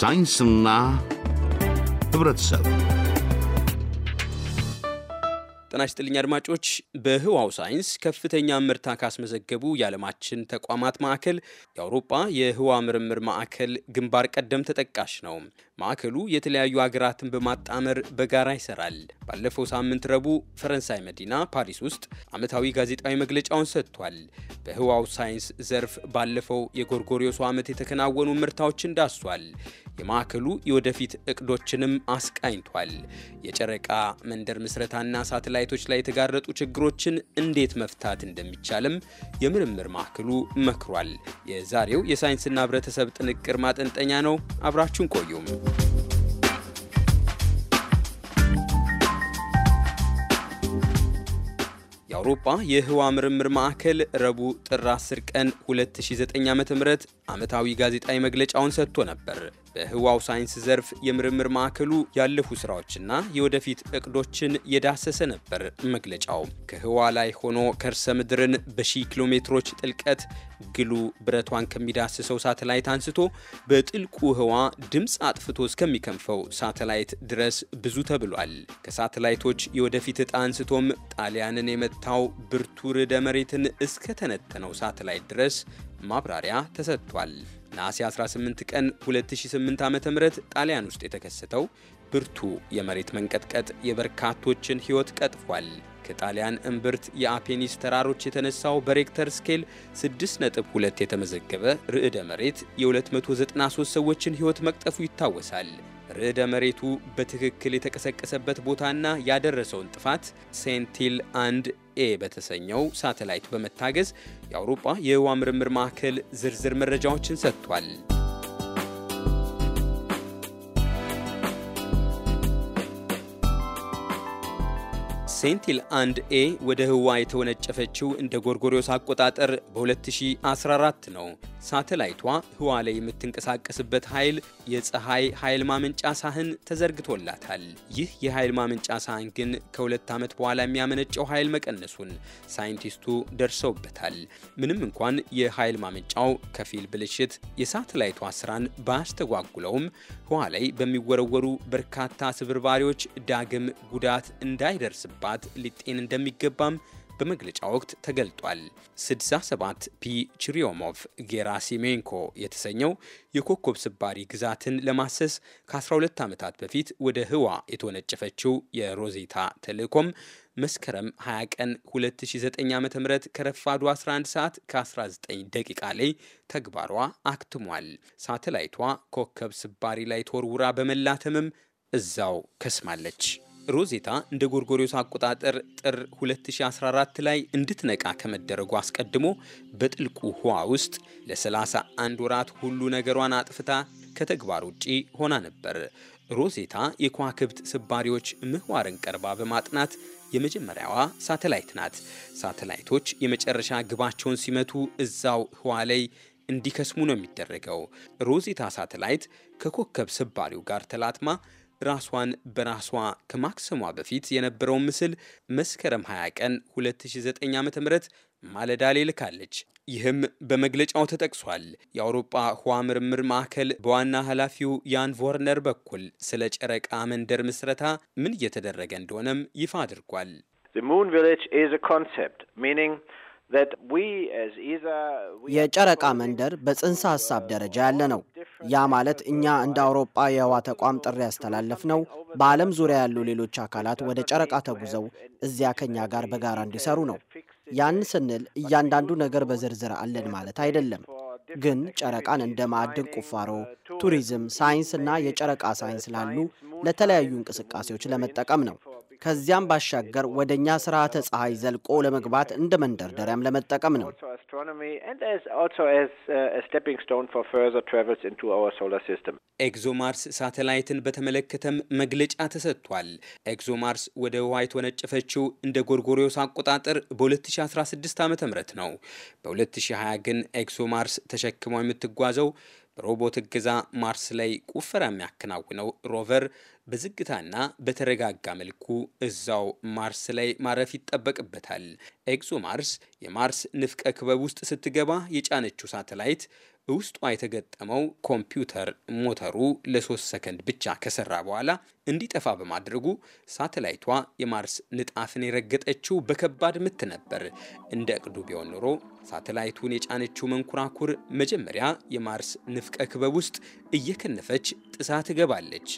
ሳይንስና ህብረተሰብ ጤና ይስጥልኝ አድማጮች። በህዋው ሳይንስ ከፍተኛ ምርታ ካስመዘገቡ የዓለማችን ተቋማት ማዕከል የአውሮፓ የህዋ ምርምር ማዕከል ግንባር ቀደም ተጠቃሽ ነው። ማዕከሉ የተለያዩ ሀገራትን በማጣመር በጋራ ይሰራል። ባለፈው ሳምንት ረቡዕ ፈረንሳይ መዲና ፓሪስ ውስጥ ዓመታዊ ጋዜጣዊ መግለጫውን ሰጥቷል። በህዋው ሳይንስ ዘርፍ ባለፈው የጎርጎሪዮሱ ዓመት የተከናወኑ ምርታዎችን ዳሷል። የማዕከሉ የወደፊት እቅዶችንም አስቃኝቷል። የጨረቃ መንደር ምስረታና ሳትላይ ሳተላይቶች ላይ የተጋረጡ ችግሮችን እንዴት መፍታት እንደሚቻልም የምርምር ማዕከሉ መክሯል። የዛሬው የሳይንስና ህብረተሰብ ጥንቅር ማጠንጠኛ ነው። አብራችሁን ቆዩም። የአውሮፓ የህዋ ምርምር ማዕከል ረቡዕ ጥር 10 ቀን 2009 ዓ.ም ዓመታዊ ጋዜጣዊ መግለጫውን ሰጥቶ ነበር። በህዋው ሳይንስ ዘርፍ የምርምር ማዕከሉ ያለፉ ስራዎችና የወደፊት እቅዶችን የዳሰሰ ነበር መግለጫው። ከህዋ ላይ ሆኖ ከርሰ ምድርን በሺ ኪሎ ሜትሮች ጥልቀት ግሉ ብረቷን ከሚዳስሰው ሳተላይት አንስቶ በጥልቁ ህዋ ድምፅ አጥፍቶ እስከሚከንፈው ሳተላይት ድረስ ብዙ ተብሏል። ከሳተላይቶች የወደፊት እጣ አንስቶም ጣሊያንን የመታው ብርቱ ርዕደ መሬትን እስከተነተነው ሳተላይት ድረስ ማብራሪያ ተሰጥቷል። ነሐሴ 18 ቀን 2008 ዓ.ም ጣሊያን ውስጥ የተከሰተው ብርቱ የመሬት መንቀጥቀጥ የበርካቶችን ሕይወት ቀጥፏል። ከጣሊያን እምብርት የአፔኒስ ተራሮች የተነሳው በሬክተር ስኬል 6.2 የተመዘገበ ርዕደ መሬት የ293 ሰዎችን ሕይወት መቅጠፉ ይታወሳል። ርዕደ መሬቱ በትክክል የተቀሰቀሰበት ቦታና ያደረሰውን ጥፋት ሴንቲል አንድ ኤ በተሰኘው ሳተላይት በመታገዝ የአውሮፓ የህዋ ምርምር ማዕከል ዝርዝር መረጃዎችን ሰጥቷል። ሴንቲል አንድ ኤ ወደ ህዋ የተወነጨፈችው እንደ ጎርጎሪዮስ አቆጣጠር በ2014 ነው። ሳተላይቷ ህዋ ላይ የምትንቀሳቀስበት ኃይል የፀሐይ ኃይል ማመንጫ ሳህን ተዘርግቶላታል። ይህ የኃይል ማመንጫ ሳህን ግን ከሁለት ዓመት በኋላ የሚያመነጨው ኃይል መቀነሱን ሳይንቲስቱ ደርሰውበታል። ምንም እንኳን የኃይል ማመንጫው ከፊል ብልሽት የሳተላይቷ ስራን ባያስተጓጉለውም ህዋ ላይ በሚወረወሩ በርካታ ስብርባሪዎች ዳግም ጉዳት እንዳይደርስባት ስርዓት ሊጤን እንደሚገባም በመግለጫ ወቅት ተገልጧል። 67 ፒ ችሪዮሞቭ ጌራሲሜንኮ የተሰኘው የኮከብ ስባሪ ግዛትን ለማሰስ ከ12 ዓመታት በፊት ወደ ህዋ የተወነጨፈችው የሮዜታ ተልእኮም መስከረም 20 ቀን 2009 ዓ ም ከረፋዱ 11 ሰዓት ከ19 ደቂቃ ላይ ተግባሯ አክትሟል። ሳተላይቷ ኮከብ ስባሪ ላይ ተወርውራ በመላተምም እዛው ከስማለች። ሮዜታ እንደ ጎርጎሪዮስ አቆጣጠር ጥር 2014 ላይ እንድትነቃ ከመደረጉ አስቀድሞ በጥልቁ ህዋ ውስጥ ለ31 ወራት ሁሉ ነገሯን አጥፍታ ከተግባር ውጪ ሆና ነበር። ሮዜታ የከዋክብት ስባሪዎች ምህዋርን ቀርባ በማጥናት የመጀመሪያዋ ሳተላይት ናት። ሳተላይቶች የመጨረሻ ግባቸውን ሲመቱ እዛው ህዋ ላይ እንዲከስሙ ነው የሚደረገው። ሮዜታ ሳተላይት ከኮከብ ስባሪው ጋር ተላትማ ራሷን በራሷ ከማክሰሟ በፊት የነበረውን ምስል መስከረም 20 ቀን 2009 ም ማለዳ ላይ ልካለች። ይህም በመግለጫው ተጠቅሷል። የአውሮፓ ህዋ ምርምር ማዕከል በዋና ኃላፊው ያን ቮርነር በኩል ስለ ጨረቃ መንደር ምስረታ ምን እየተደረገ እንደሆነም ይፋ አድርጓል። The moon የጨረቃ መንደር በጽንሰ ሀሳብ ደረጃ ያለ ነው። ያ ማለት እኛ እንደ አውሮፓ የህዋ ተቋም ጥሪ ያስተላለፍ ነው በዓለም ዙሪያ ያሉ ሌሎች አካላት ወደ ጨረቃ ተጉዘው እዚያ ከኛ ጋር በጋራ እንዲሰሩ ነው። ያን ስንል እያንዳንዱ ነገር በዝርዝር አለን ማለት አይደለም። ግን ጨረቃን እንደ ማዕድን ቁፋሮ፣ ቱሪዝም፣ ሳይንስ እና የጨረቃ ሳይንስ ላሉ ለተለያዩ እንቅስቃሴዎች ለመጠቀም ነው። ከዚያም ባሻገር ወደ እኛ ስርዓተ ፀሐይ ዘልቆ ለመግባት እንደ መንደርደሪያም ለመጠቀም ነው። ኤግዞማርስ ሳተላይትን በተመለከተም መግለጫ ተሰጥቷል። ኤግዞማርስ ወደ ውሃ የተወነጨፈችው እንደ ጎርጎሪዮስ አቆጣጠር በ2016 ዓ ም ነው። በ2020 ግን ኤግዞማርስ ተሸክመው የምትጓዘው በሮቦት እገዛ ማርስ ላይ ቁፈራ የሚያከናውነው ሮቨር በዝግታና በተረጋጋ መልኩ እዛው ማርስ ላይ ማረፍ ይጠበቅበታል። ኤግዞ ማርስ የማርስ ንፍቀ ክበብ ውስጥ ስትገባ የጫነችው ሳተላይት በውስጧ የተገጠመው ኮምፒውተር ሞተሩ ለሶስት ሰከንድ ብቻ ከሰራ በኋላ እንዲጠፋ በማድረጉ ሳተላይቷ የማርስ ንጣፍን የረገጠችው በከባድ ምት ነበር። እንደ እቅዱ ቢሆን ኖሮ ሳተላይቱን የጫነችው መንኮራኩር መጀመሪያ የማርስ ንፍቀ ክበብ ውስጥ እየከነፈች ጥሳ ትገባለች።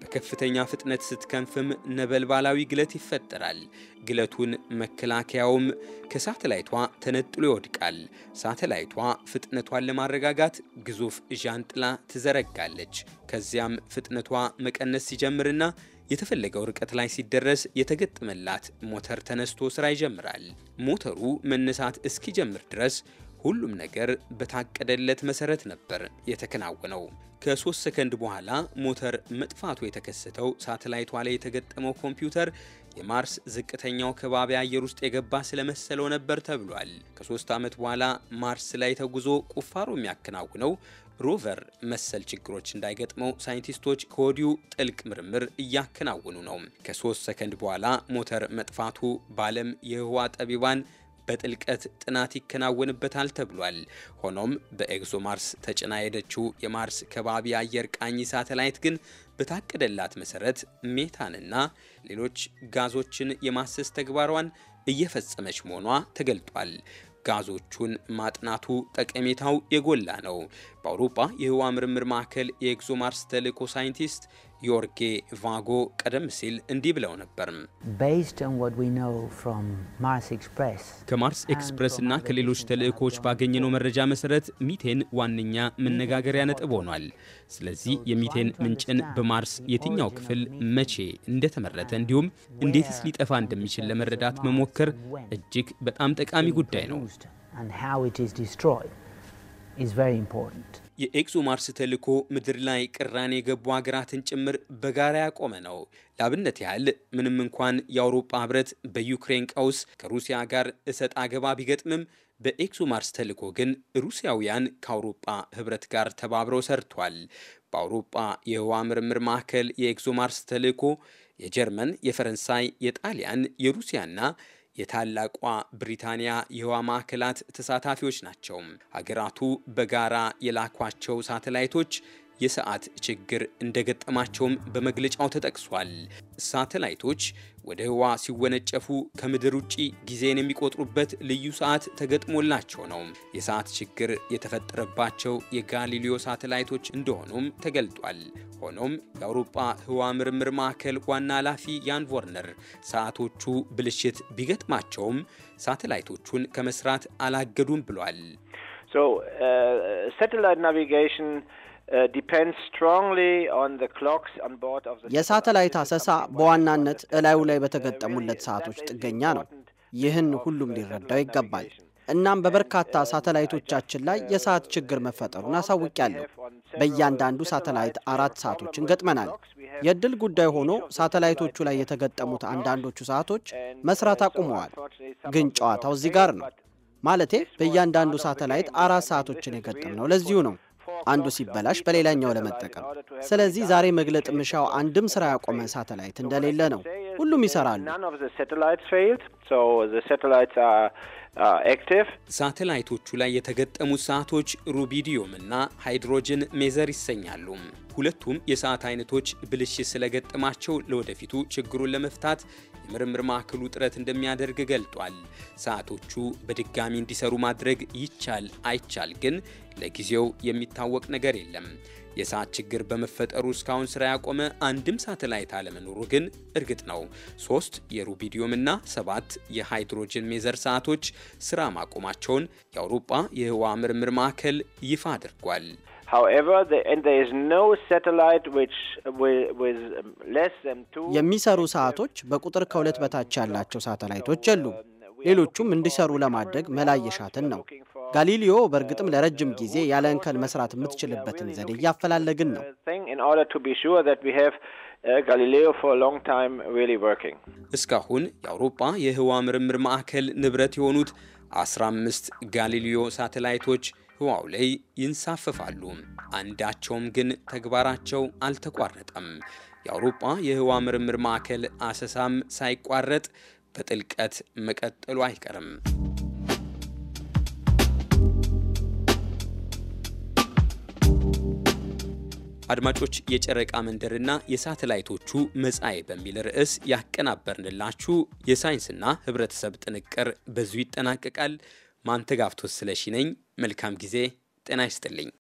በከፍተኛ ፍጥነት ስትከንፍም ነበልባላዊ ግለት ይፈጠራል። ግለቱን መከላከያውም ከሳተላይቷ ተነጥሎ ይወድቃል። ሳተላይቷ ፍጥነቷን ለማረጋጋት ግዙፍ ዣንጥላ ትዘረጋለች። ከዚያም ፍጥነቷ መቀነስ ሲጀምርና የተፈለገው ርቀት ላይ ሲደረስ የተገጠመላት ሞተር ተነስቶ ስራ ይጀምራል። ሞተሩ መነሳት እስኪጀምር ድረስ ሁሉም ነገር በታቀደለት መሰረት ነበር የተከናወነው። ከሶስት ሰከንድ በኋላ ሞተር መጥፋቱ የተከሰተው ሳተላይቷ ላይ የተገጠመው ኮምፒውተር የማርስ ዝቅተኛው ከባቢ አየር ውስጥ የገባ ስለመሰለው ነበር ተብሏል። ከሶስት ዓመት በኋላ ማርስ ላይ ተጉዞ ቁፋሮ የሚያከናውነው ሮቨር መሰል ችግሮች እንዳይገጥመው ሳይንቲስቶች ከወዲሁ ጥልቅ ምርምር እያከናወኑ ነው። ከሶስት ሰከንድ በኋላ ሞተር መጥፋቱ በዓለም የህዋ ጠቢባን በጥልቀት ጥናት ይከናወንበታል ተብሏል። ሆኖም በኤግዞ ማርስ ተጭና የሄደችው የማርስ ከባቢ አየር ቃኝ ሳተላይት ግን በታቀደላት መሰረት ሜታንና ሌሎች ጋዞችን የማሰስ ተግባሯን እየፈጸመች መሆኗ ተገልጧል። ጋዞቹን ማጥናቱ ጠቀሜታው የጎላ ነው። በአውሮፓ የህዋ ምርምር ማዕከል የኤግዞ ማርስ ተልእኮ ሳይንቲስት ዮርጌ ቫጎ ቀደም ሲል እንዲህ ብለው ነበር። ከማርስ ኤክስፕረስ እና ከሌሎች ተልእኮዎች ባገኘነው መረጃ መሰረት ሚቴን ዋነኛ መነጋገሪያ ነጥብ ሆኗል። ስለዚህ የሚቴን ምንጭን በማርስ የትኛው ክፍል መቼ እንደተመረተ እንዲሁም እንዴትስ ሊጠፋ እንደሚችል ለመረዳት መሞከር እጅግ በጣም ጠቃሚ ጉዳይ ነው። የኤክሶ ማርስ ተልዕኮ ምድር ላይ ቅራኔ የገቡ ሀገራትን ጭምር በጋራ ያቆመ ነው። ለአብነት ያህል ምንም እንኳን የአውሮፓ ህብረት በዩክሬን ቀውስ ከሩሲያ ጋር እሰጥ አገባ ቢገጥምም ማርስ ተልዕኮ ግን ሩሲያውያን ከአውሮፓ ህብረት ጋር ተባብረው ሰርቷል። በአውሮፓ የህዋ ምርምር ማዕከል ማርስ ተልዕኮ የጀርመን፣ የፈረንሳይ፣ የጣሊያን፣ የሩሲያና የታላቋ ብሪታንያ የህዋ ማዕከላት ተሳታፊዎች ናቸው። ሀገራቱ በጋራ የላኳቸው ሳተላይቶች የሰዓት ችግር እንደገጠማቸውም በመግለጫው ተጠቅሷል። ሳተላይቶች ወደ ህዋ ሲወነጨፉ ከምድር ውጪ ጊዜን የሚቆጥሩበት ልዩ ሰዓት ተገጥሞላቸው ነው የሰዓት ችግር የተፈጠረባቸው የጋሊሊዮ ሳተላይቶች እንደሆኑም ተገልጧል። ሆኖም የአውሮፓ ህዋ ምርምር ማዕከል ዋና ኃላፊ ያን ቮርነር ሰዓቶቹ ብልሽት ቢገጥማቸውም ሳተላይቶቹን ከመስራት አላገዱም ብሏል። ሳተላይት ናቪጌሽን uh, Uh, የሳተላይት አሰሳ በዋናነት እላዩ ላይ uh, በተገጠሙለት ሰዓቶች ጥገኛ ነው። ይህን ሁሉም ሊረዳው ይገባል። እናም በበርካታ uh, ሳተላይቶቻችን ላይ የሰዓት ችግር መፈጠሩን አሳውቂያለሁ። በእያንዳንዱ ሳተላይት አራት ሰዓቶችን ገጥመናል። የድል ጉዳይ ሆኖ ሳተላይቶቹ ላይ የተገጠሙት አንዳንዶቹ ሰዓቶች መስራት አቁመዋል። ግን ጨዋታው እዚህ ጋር ነው። ማለቴ በእያንዳንዱ ሳተላይት አራት ሰዓቶችን የገጠምነው ለዚሁ ነው። አንዱ ሲበላሽ በሌላኛው ለመጠቀም። ስለዚህ ዛሬ መግለጥ ምሻው አንድም ስራ ያቆመ ሳተላይት እንደሌለ ነው። ሁሉም ይሰራሉ። ሳተላይቶቹ ላይ የተገጠሙት ሰዓቶች ሩቢዲዮም እና ሃይድሮጅን ሜዘር ይሰኛሉ። ሁለቱም የሰዓት አይነቶች ብልሽት ስለገጠማቸው ለወደፊቱ ችግሩን ለመፍታት የምርምር ማዕከሉ ጥረት እንደሚያደርግ ገልጧል። ሰዓቶቹ በድጋሚ እንዲሰሩ ማድረግ ይቻል አይቻል ግን ለጊዜው የሚታወቅ ነገር የለም። የሰዓት ችግር በመፈጠሩ እስካሁን ስራ ያቆመ አንድም ሳተላይት አለመኖሩ ግን እርግጥ ነው። ሶስት የሩቢዲዮም ና ሰባት የሃይድሮጅን ሜዘር ሰዓቶች ስራ ማቆማቸውን የአውሮፓ የህዋ ምርምር ማዕከል ይፋ አድርጓል። የሚሰሩ ሰዓቶች በቁጥር ከሁለት በታች ያላቸው ሳተላይቶች የሉም። ሌሎቹም እንዲሰሩ ለማድረግ መላ እየሻትን ነው። ጋሊሊዮ በእርግጥም ለረጅም ጊዜ ያለ እንከን መስራት የምትችልበትን ዘዴ እያፈላለግን ነው። እስካሁን የአውሮፓ የህዋ ምርምር ማዕከል ንብረት የሆኑት 15 ጋሊሊዮ ሳተላይቶች ህዋው ላይ ይንሳፈፋሉ። አንዳቸውም ግን ተግባራቸው አልተቋረጠም። የአውሮፓ የህዋ ምርምር ማዕከል አሰሳም ሳይቋረጥ በጥልቀት መቀጠሉ አይቀርም። አድማጮች የጨረቃ መንደርና የሳተላይቶቹ መጻኤ በሚል ርዕስ ያቀናበርንላችሁ የሳይንስና ህብረተሰብ ጥንቅር በዙ ይጠናቀቃል። ማንተጋፍቶት ስለሺ ነኝ። መልካም ጊዜ። ጤና ይስጥልኝ።